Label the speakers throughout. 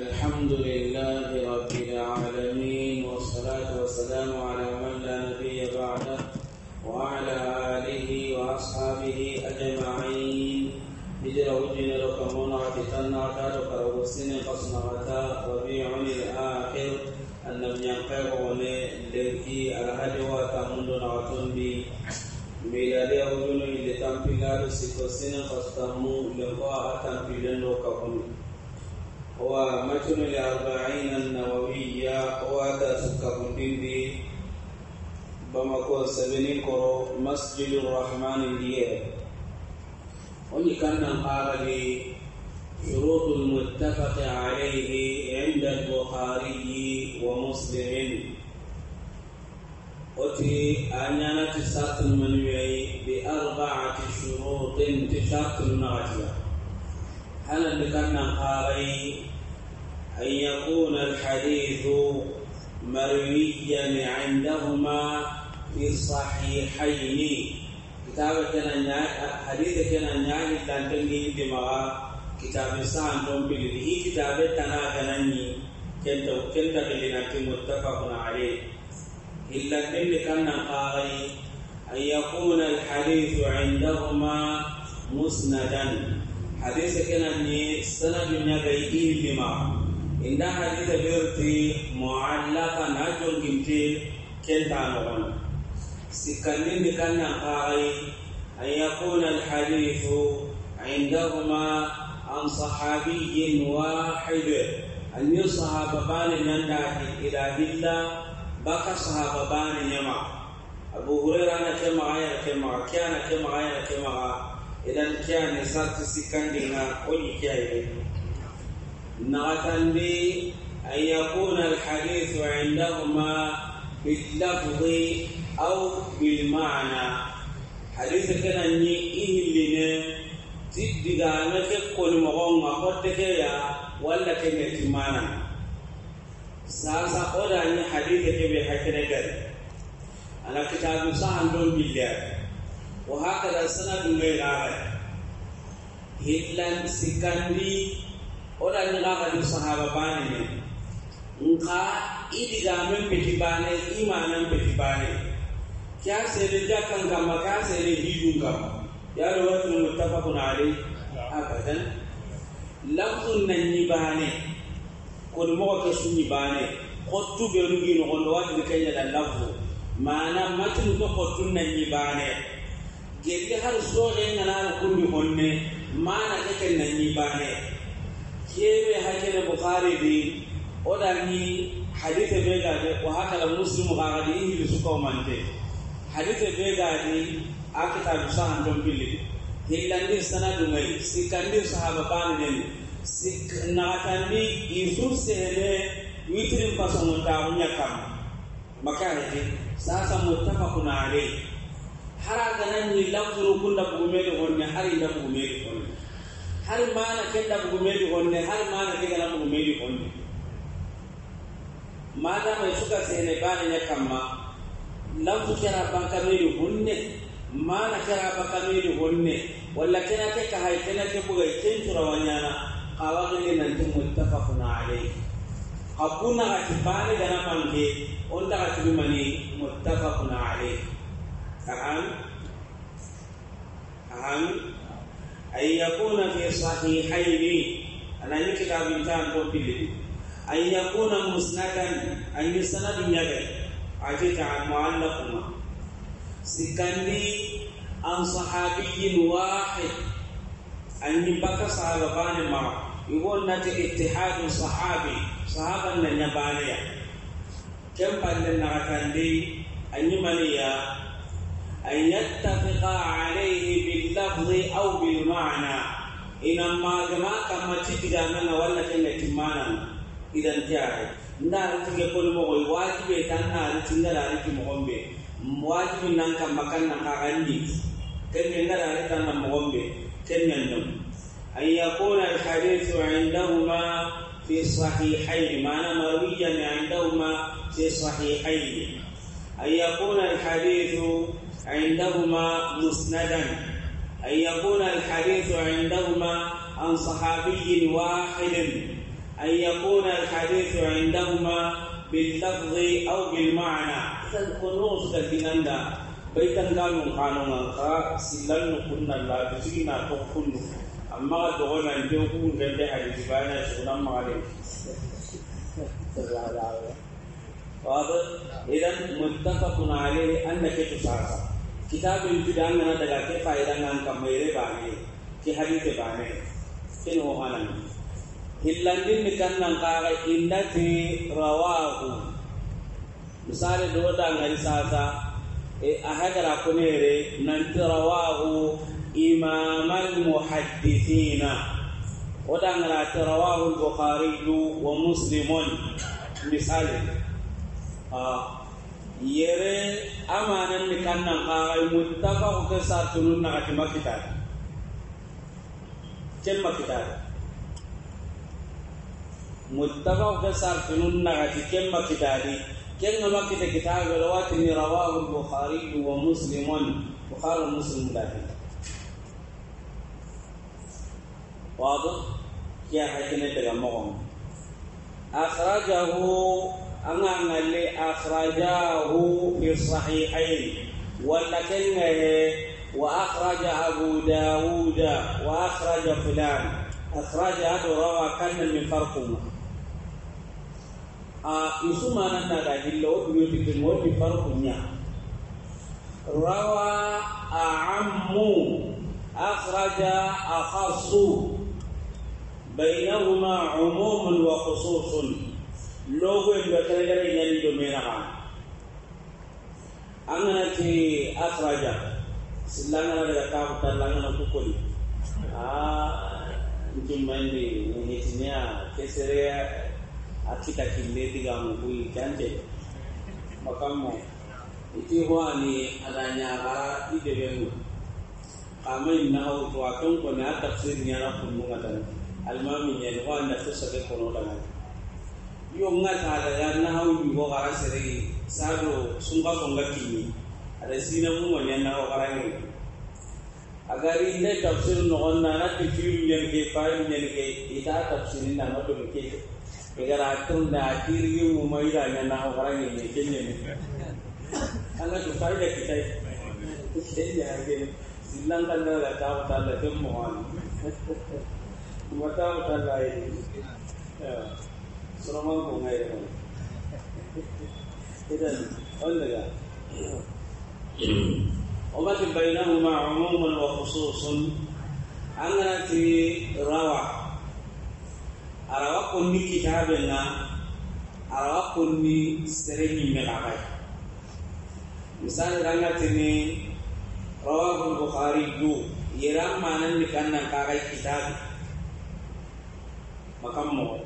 Speaker 1: الحمد لله رب العالمين والصلاة والسلام على من لا نبي بعده وعلى آله وأصحابه أجمعين بجروجنا لكمون وتتنعتا قصنا قصنعتا ربيع الآخر لم ينقر لكي الهجوة تمند نعتنبي miladi ya ujunu ile tampilalo sikosina قصنا sababu لقاء hata mpilendo kakuni ومتن الأربعين النووية وتسكب الدندي بمكو سبني كرو مسجد الرحمن ديال وني كان قال لي شروط المتفق عليه عند البخاري ومسلم وتي أنانة سات من بأربعة شروط تشرط النغتيه هل ذكرنا قاري أن يكون الحديث مرويا عندهما في الصحيحين كتاب كان حديث كان نياجي تانتنجي دماغ كتاب سان دوم بلي كتاب تنا كانني كنت كنت بلي متفق عليه إلا كن كان قاري أن يكون الحديث عندهما مسندا hadise kenanni sanadu ñagayi illima inda hadise ɓerti moallaka na jonginte kentanogon sikkandindi kannan kaxay an yakuna alhadisu عندهما عن صحابي واحد أن يصحاب بان ننداه إلى بلا بقى صحاب بان يما أبو هريرة أنا كما عيا كما كان كما عيا كما idan kyane sati si kan dinga oni kyaye na watan bi an ya kuna alhadisu a inda kuma bilafuzi au bilmana hadisu tana ni ihili ne ti diga na ke koli mɔgɔw ma ko tɛgɛ ya wala ke ne ti mana sasa o da ni hadisu ke bi hakɛ gari ana kitabu sa an don وهكذا السند الليل عليه هيتلان سكاندي ولا نغاغا دي صحابة باني نقا إلي دامن بيتي باني إيمانا بيتي باني كيا سيري جا كان كما كيا سيري هيدون كما يا روات المتفق عليه أبدا لفظ النيباني كل موقع سنيباني قطو بيرنجي نغلوات بكي يدى اللفظ معنى ما تنطق قطو النيباني geri har soole ganaara kunni honne maana keken na ñimbaane keewe hakene bukhari di odani hadite begadi o hakala muslimu kaakadi ihili sukaomante hadite begadi a kitabu sahan ton pilli hillandir sanadu ngayi sikkandir sahaba baaneneni sik naxatandi i sursehene witirin pasongo taaxu ñakkam makaaxeti sasamo tafakunaalei hara gananni lamburu ku ndabugu meɗi honne har ndabugu meɗi honne har manake ndabugu meɗi honne har manake ganabugu meɗi honne madama suka sene baneña kamma lamfu kera banka meɗi honne mana kera banka meɗi honne walla kenake kahay kenake bogay kencurawañana kawagege nante muttafakuna alayh ha kunakati bane gana banke on takatimimani muttafakuna alayh كأن كأن أن يكون في صحيحين أنا كتاب انتهى توبيلي أن يكون مسندا أن يسند يده أجد عن معلقهما سكني عن صحابي واحد أن يبقى صحابان ما يقول نتي اتحاد صحابي صحابا من يبانيا كم بلنا دي أن يمليا أن يتفق عليه باللفظ أو بالمعنى ina magama kama titiga nana walla kenge timmana idan tiare nda tinge ko mo goy wajibe tan na tinga la ri mo gombe wajibi nan kam makan na kagandi kenge ngara ri tan na mo gombe kenge ndum an yakuna al hadith indahuma fi sahihayn ma'ana marwiyan indahuma fi sahihayn an yakuna al hadith عندهما مسندا أن يكون الحديث عندهما عن صحابي واحد أن يكون الحديث عندهما باللفظ أو بالمعنى فالقنوص تكينندا بيتن قالوا قانون خا سلن كنا لا تزينا تقول أما أن تكون جنب حديث بانا شغلنا ما عليك واضح إذا متفق عليه أنك تسعى kitabu inti dangana daga ke fayda ngam kamere bane ke hadite bane ken o hanan hillandin ni kan kannan kaga indati rawahu misali do dangani sasa e ahagara kunere nanti rawahu imamal muhaddithina ودعنا رواه Bukhari, ومسلم مثال آه yere amanan ni kannan qaray muttafaq ke satunun na kati makitar ken makitar muttafaq ke satunun na kati ken makitari ken na makita kitab rawati ni rawahu bukhari wa muslimun bukhari muslim dadi wado ya hakine daga mo akhrajahu angan li akhrajahu fi sahihain walakin wa akhraja abu daud wa akhraja fulan akhraja abu rawa kan min farqum a ah, usuma nan da gillo biyo tikin mo fi farqunya rawa ammu akhraja akhassu bainahuma umumun wa khususun ലോകം എന്തെങ്കിലും ഇങ്ങനെ ഡൊമീനാണ് അങ്ങനെ ആ സ്രാജ ലങ്ങനെ കാപ്പിട്ട ലങ്ങന കുക്കൊലി ആ ഇഞ്ചുമ്മി നിങ്ങിയ കെസരിയ അച്ചിക്കി നേത്തിക്കാമ പോയി ചാഞ്ചെ മക്കമ്മോ ഇത്തി ഹോണി അതാ ഇതെങ്ങും kama ina o to akon ko na tafsir ni ala kun mu ngata al mamu ni ni wa na tsa be kono da ni yo nga taala ya na haw ju go gara sere ka sunga songa kini ada sina mu mo nyanna go gara ngi agari ne tafsir no gonna na ti firu nyen ke ni nyen ke ta tafsir na ma do ke e a tun da kiri yi mu mai da nyanna go gara ngi ne kenye ne Allah tu fayu da kitai kenya ke silankan da la ta ta la kuma wani mata ta la yi e. Yeah. Ulangi bainahu ma umuman wa khususun anati rawa Rawak kun ni kitabena arawa kun ni sereni melagai misal rangati ni rawa bukhari du yeram manan ni kanna kagai kitab makammo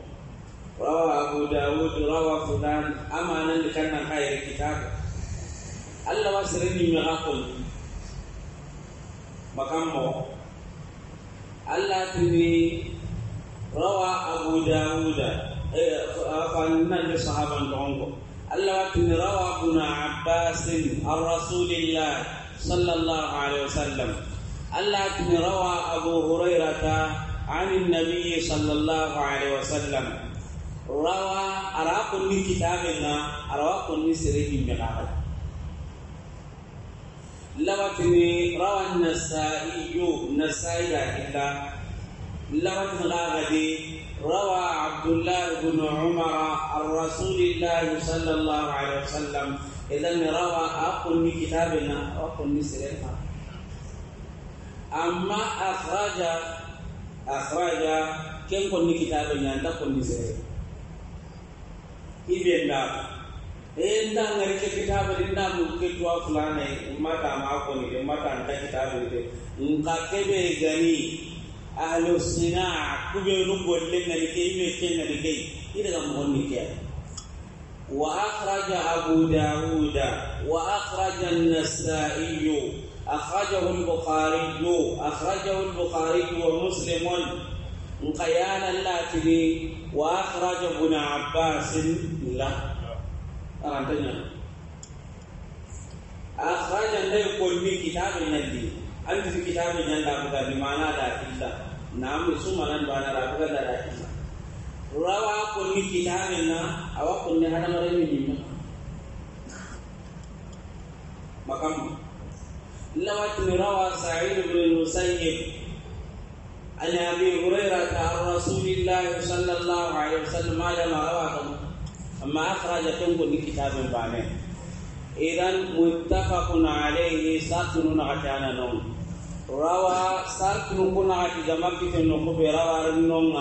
Speaker 1: Rawa Abu Dawud Rawa Fulan Amanan dikarenakan khair kitab Allah sering dimakul Makammu Allah tini Rawa Abu Dawud eh, Fulan di sahabat Tunggu Allah tini Rawa Buna Abbas Al-Rasulillah Sallallahu Alaihi Wasallam Allah tini Rawa Abu Hurairah Anin Nabi Sallallahu Alaihi Wasallam Sallallahu Alaihi Wasallam روى أراق من كتابنا أراق من سريك مغابل لوتني روى النسائي نسائي إلا لوتن غابدي روى عبد الله بن عمر الرسول الله صلى الله عليه وسلم إذا روى أراق من كتابنا أراق من سريك أما أخرج أخرج كم كتابنا أنت كن سريك ibe eh, nda enda ngari ke kitabu dinda mukhe tuwa fulana mata mako ni mata nda kitabu de nka kebe gani ahlu sinaa kube no golle ngari ke ibe ke ngari ke ida ga mo ni ke wa akhraja abu dauda wa akhraja an-nasa'i akhrajahu al-bukhari akhrajahu al-bukhari wa muslimun نقيان اللاتني وأخرج ابن عباس له أرانتنا أخرج النبي كل من كتاب النبي أنت في كتاب النبي لا بمعنى لا إلا نعم ثم لن بمعنى لا لا إلا روى كل من كتابنا أو كل هذا مريم مقام لوات روى سعيد بن المسيب عن ابي هريره عن رسول الله صلى الله عليه وسلم ما رواه اما اخرج تنقل كتاب بعدين اذا متفق عليه ساكن عتانا نوم روى ساكن كنا في جماعه النقب روى النوم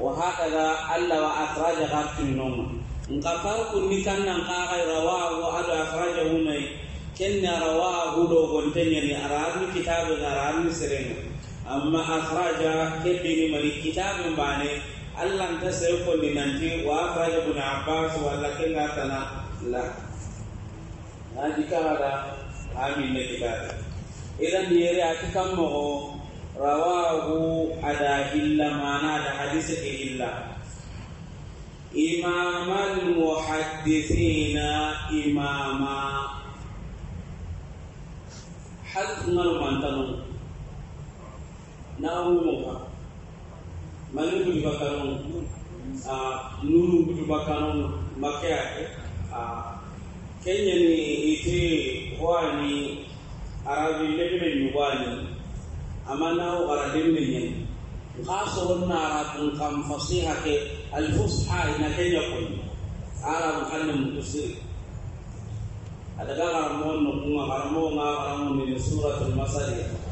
Speaker 1: وهكذا الا واخرج غرق النوم ان نقفرق نكنا نقاغي رواه وهذا اخرجه مي كن رواه دو غنتني اراد كتاب الاراد سرنا amma akhraja kibni malik kitab mbane allah ta sayko minanti wa akhraja ibn abbas wa lakinna tana la hadikara hadi ne kitab idan yere atikam mo rawahu ada illa mana ada hadis illa imam al muhaddithina imama hadd nal mantanu nawulunga mani tuli bakanonu nunu butu bakanonu make yake kenya ni ite hoani arabi lebele yubani amana garadin ne خاصة النار كم فصيحة الفصحى إن كان يقول عرب كان متصل هذا قال رمون نقوم رمون رمون من سورة المصاريف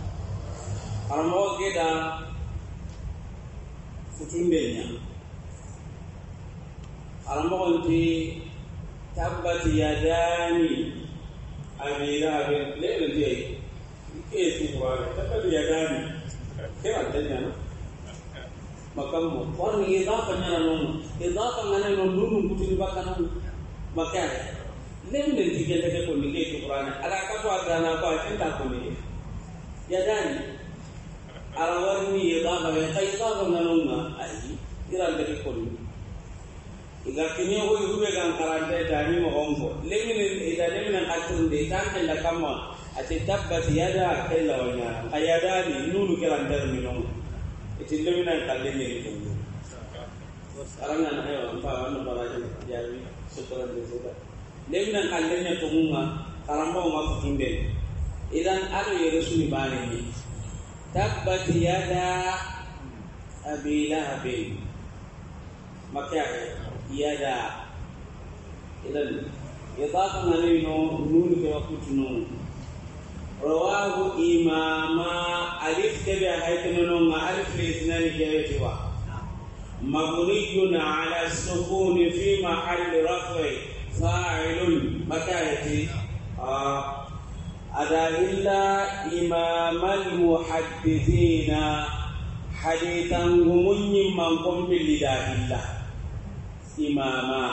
Speaker 1: karamɔgɔ k'e da futun bɛ ɲa karamɔgɔ tɛ tabbati yadaani abi lahabi ne yɛrɛ tɛ ke ye su kura la tabbati yadaani ke ma tɛ ɲa makam mo kɔni ye n'a ka ɲana nɔ ye n'a ka ŋana nɔ lulu kuturiba kana mo makɛ ne bɛ nin tigɛ tɛgɛ kɔni ke ye su kura la ala ka to a dan ko a ti ta kɔni ye yadaani. ala warni yedaba be kayta ko nanunga ayi iran de ko ni iga kini ko yube gan karante tani mo gongo lemin ida lemin katun de tan de la kama ati tabbat yada kayla wanya ayada ni nunu kiran der mi non iti lemin an kalleni ni ko arana na ayo pa wan baraje jawi sutran de zuba lemin an kalleni to munga karamba ma futunde idan ado yeresuni bani ni tabbat yada abi lahab maka yada idan idafa nalino nun ke waqt nun rawahu imama alif ke bi hayt nun ma alif li isnan ke wetiwa mabniyun ala sukun fi mahalli raf'i fa'ilun maka yati ah ألا إلا إمام المحدثين حديثا هم من قم لله الله إماما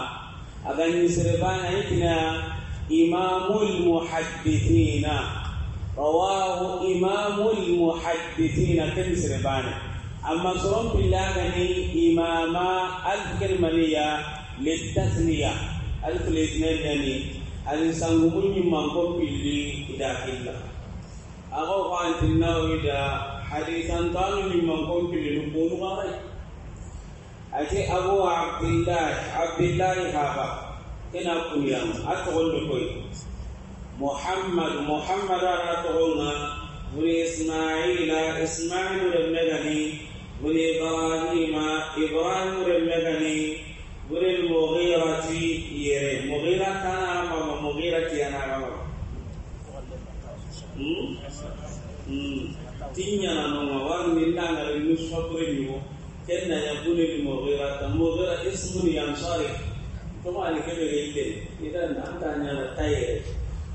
Speaker 1: أغني سربان إتنا إمام المحدثين رواه إمام المحدثين كم سربان أما سرم بالله يعني إماما الكلمة للتثنية الف الاثنين يعني ali sangu munyi manko pilli ida killa aga ko antin nawi da hadisan tanu ni manko pilli no bonu garai ate abu abdullah abdullah haba kena kuyam atol do koy muhammad muhammad ara tolna wuri ismaila ismail remegani wuri ibrahima ibrahim remegani tinyana nonga waru nindangara nusfakure nimo kenna yakune limo ghirata mo ghira ismun yansari kuma ali kebe gilde idan anta nyana tayre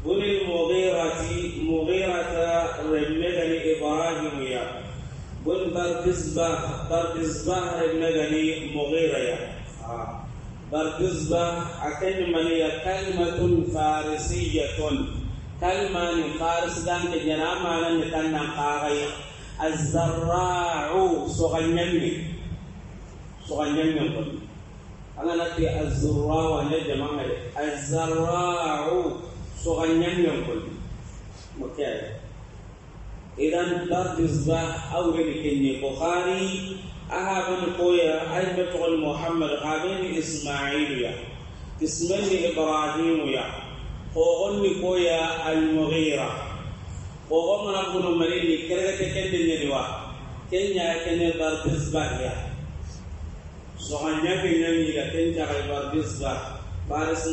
Speaker 1: bune ni limo ghirati mo ghirata remegani ibrahim ya bun barkizba barkizba remegani mo ghira ya barkizba akan man ya kalimatun farisiyatun كلمان خالص دان كجنا مالا نتنا قاغي الزراع سغنمي سغنمي قل أنا نتي الزراع ونجمع الزراع سغنمي قل مكاد إذا درد الزباء أو ركني بخاري أهب القوية أي بطغ محمد غابين إسماعيل يا اسمه إبراهيم يا kogonni koya almughira kogo mana bunu marini kergete kende nyediwa kenya bar barbisba ya soxanya kenya nyani la kenya bar barbisba baris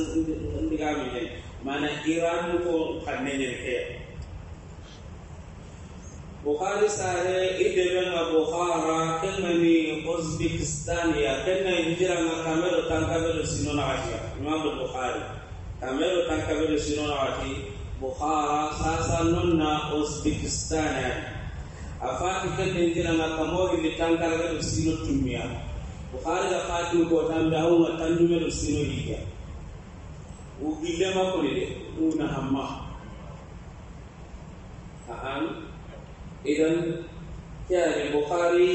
Speaker 1: ndiga mi ne mana iran ko kanne ne ke bukhari sare idebe na bukhara kenna ni uzbekistan ya kenna injira na kamero tan sinona asia imam bukhari amero tan kabe do sinona wati bukhara sasa nonna uzbekistan afaki ke tentina na kamori ni tankara do sino tumia bukhari da fati ko tambe au watandume do sino higa ugilema kulile una hamma aan idan yani bukhari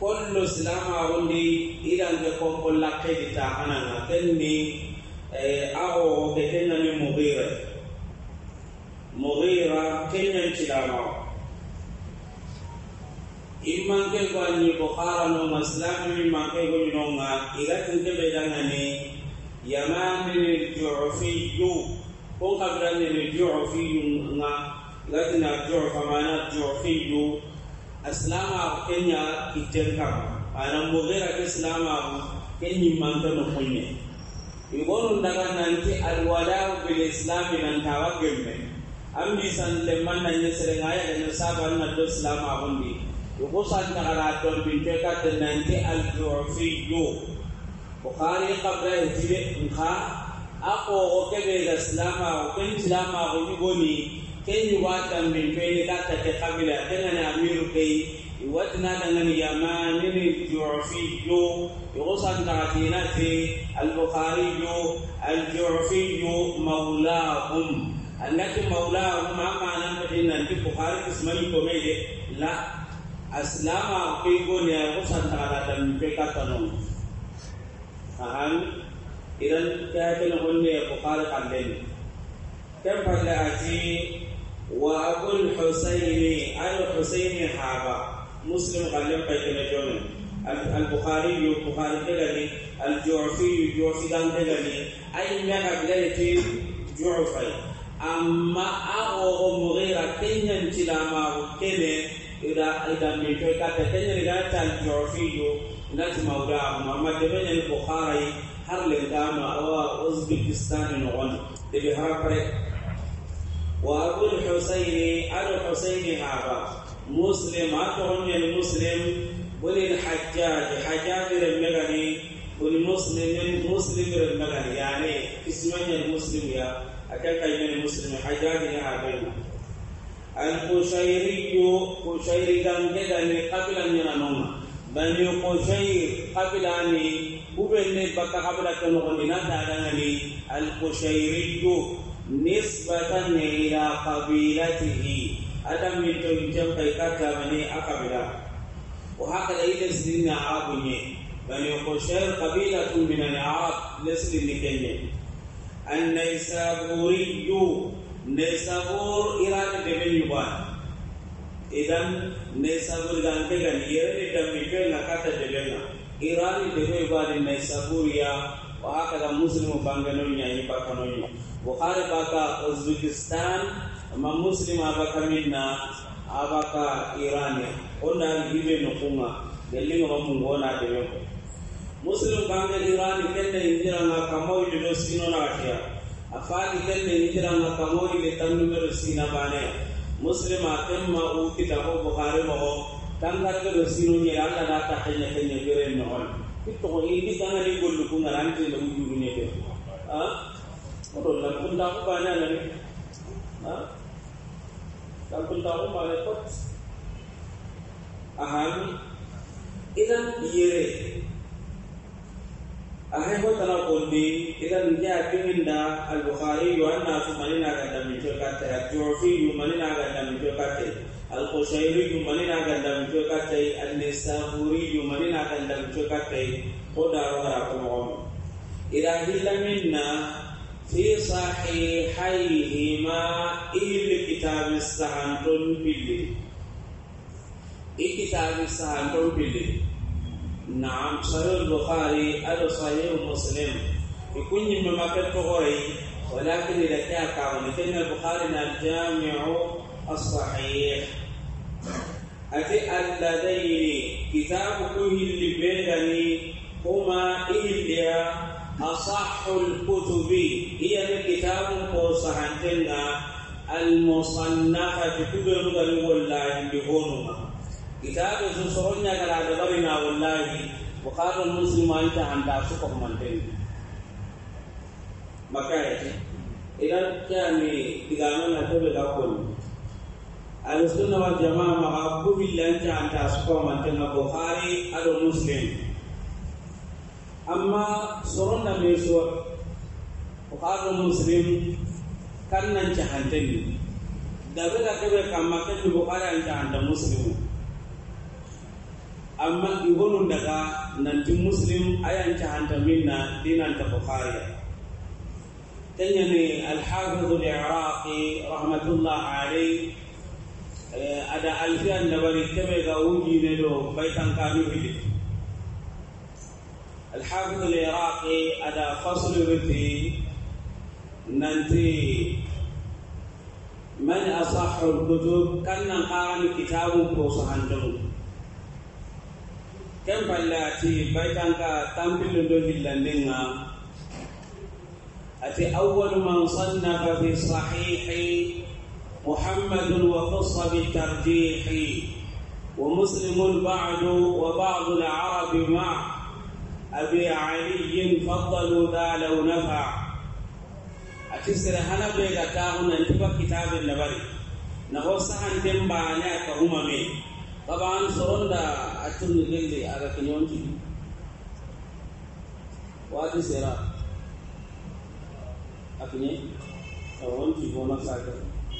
Speaker 1: kollo silama wundi idan be ko kollakedi ta hanana kenni ao ɓe kenna min mugira mugira kenyantilama in manke ko anni ko karanoma silami min manke ko ñinonga igatinke ɓe dangani yamanini jofiyu kon kabiranini jofiyu nga igatina jofa mana jofiyu asilamaku kenya itten kama ana mugira ke silamaku ke ñimmanke no kuñe ingonu daga nanti alwala bil islam nan tawagemme ambi san le man nan ne sere ngaya ne saban na do islam abundi yugo san daga to bin te ka de nanti al yo bukhari qabla hijre nkha ako o ke be islam o ke islam o ni goni ken wa tan bin te ka ta ke kamila ken na amiru kai وأنا دنن يمان الجعفي يغسن تغتينات البخاري الجعفي مولاهم أنك مولاهم أما أنا إن البخاري اسمه كميل لا أسلام أقيقون يا غسن تغتينات البخاري فهم إذن كاتل هن البخاري قبلني كم فلأتي وأبو الحسين الحسين مسلم غلم بيتنا جون البخاري البخاري دلني الجعفي جعفي دان دلني أي ميغا بلالتي جعفي أما أغو مغيرة كنين تلاما وكنين إذا إذا ميتوا كتاب كنين إذا تان جعفي نات مولا ما بن البخاري هل لدام أو أوزبكستان نغن تبي هرقري وأبو الحسيني أبو الحسيني هذا مسلم أكون المسلم الحجاج حجاج المغني والمسلم مسلم من مسلم المغني يعني اسمه المسلم يا أكاك من المسلم حجاج يا أبنى القشيري قشيري كان جدا قبل أن ينام بني قشير قبل أن وبن بقى قبل أن ينام القشيري نسبة إلى قبيلته adam min to intan kai kata bani akabila wa hakala ila abu ne. bani qushair qabilatu min al-arab lesli nikenye an naysaburi yu naysabur irada de ben yuban idan naysabur dan ke gan yere de mi pe na kata de ben irani de ben yuban naysaburiya wa hakala muslimu bangano nyanyi bakano ni bukhari baka uzbekistan ma muslim abaka minna abaka irani ona gibe no kuma gelli no mun gona de yo muslim iran irani kende injira na kamau de sino na atia afani kende injira na kamau tan tanu sino ba ne muslim ma u kitabo bukhari mo tanga de sino ni ala na ta kenya kenya gore no hol kito ko ini tanga ni gollu ran ranti de mujuru ne de ha odo la kunda ko ne na ah. kalau pun tahu malaikat aham ilam biyere aham pun tanah kundi kita nanti akan minda al-Bukhari yuan nasu malin agar dan mencul kata al-Jurfi yu malin agar dan mencul kata al-Khushairi yu malin agar dan mencul kata al-Nisahuri yu malin agar dan mencul kata kodara-kodara kumum ilahi laminna في صحيحيهما إلى كتاب السهنتون بلي إلى كتاب السهنتون بلي نعم صحيح البخاري أو صحيح مسلم يكون من مكتب غوري ولكن إذا كان كامل لكن البخاري الجامع الصحيح أتي اللذين كتاب كل اللي بيدني هما إلي Asahul Kutubi Ia ni kitab Kursahan jenna Al-Musannaka Jukudun Dari Wallahi Bihunuma Kitab Susurunya Kala Jabarina Wallahi Bukhara Muslima Ita Handa Sukuh Mantin Maka Ini Ila Kami Tiga Mana Kuli Kakun Al-Sunnah Wal Jamaah Maka Kubi Lanta Handa Sukuh Mantin Bukhari Al-Muslim Al-Muslim amma da me so o kaɗo muslim kan nan da dabe da keɓe kama kenni bukari an cahanta musulun amma igonun daga nanti muslim ayan cahanta minna dinanta bukariya kenyani alhafidu liraqi rahmatullah alayh eh, ada alfiyan bari keɓe ga wujine baitan kanu hidi الحافظ العراقي على فصل في ننتي من أصح الكتب كان قارن كتاب بوصها الجنوب كم بلاتي بيتانكا تنبيل دوه اللندنة أتي أول من صنف في الصحيح محمد وخص بالترجيح ومسلم بعد وبعض العرب معه أبي علي فضلوا ذا لو نفع أتسر هنا بيغا بيغتاهن انتبه كتاب النبري نهو سهن تنبعنا كهما مي طبعا سرون سرندا أتن للي أغاكن يونتي وادي سيرا أكني سرون أونتي بونا ساكر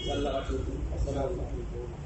Speaker 1: سلغتو السلام عليكم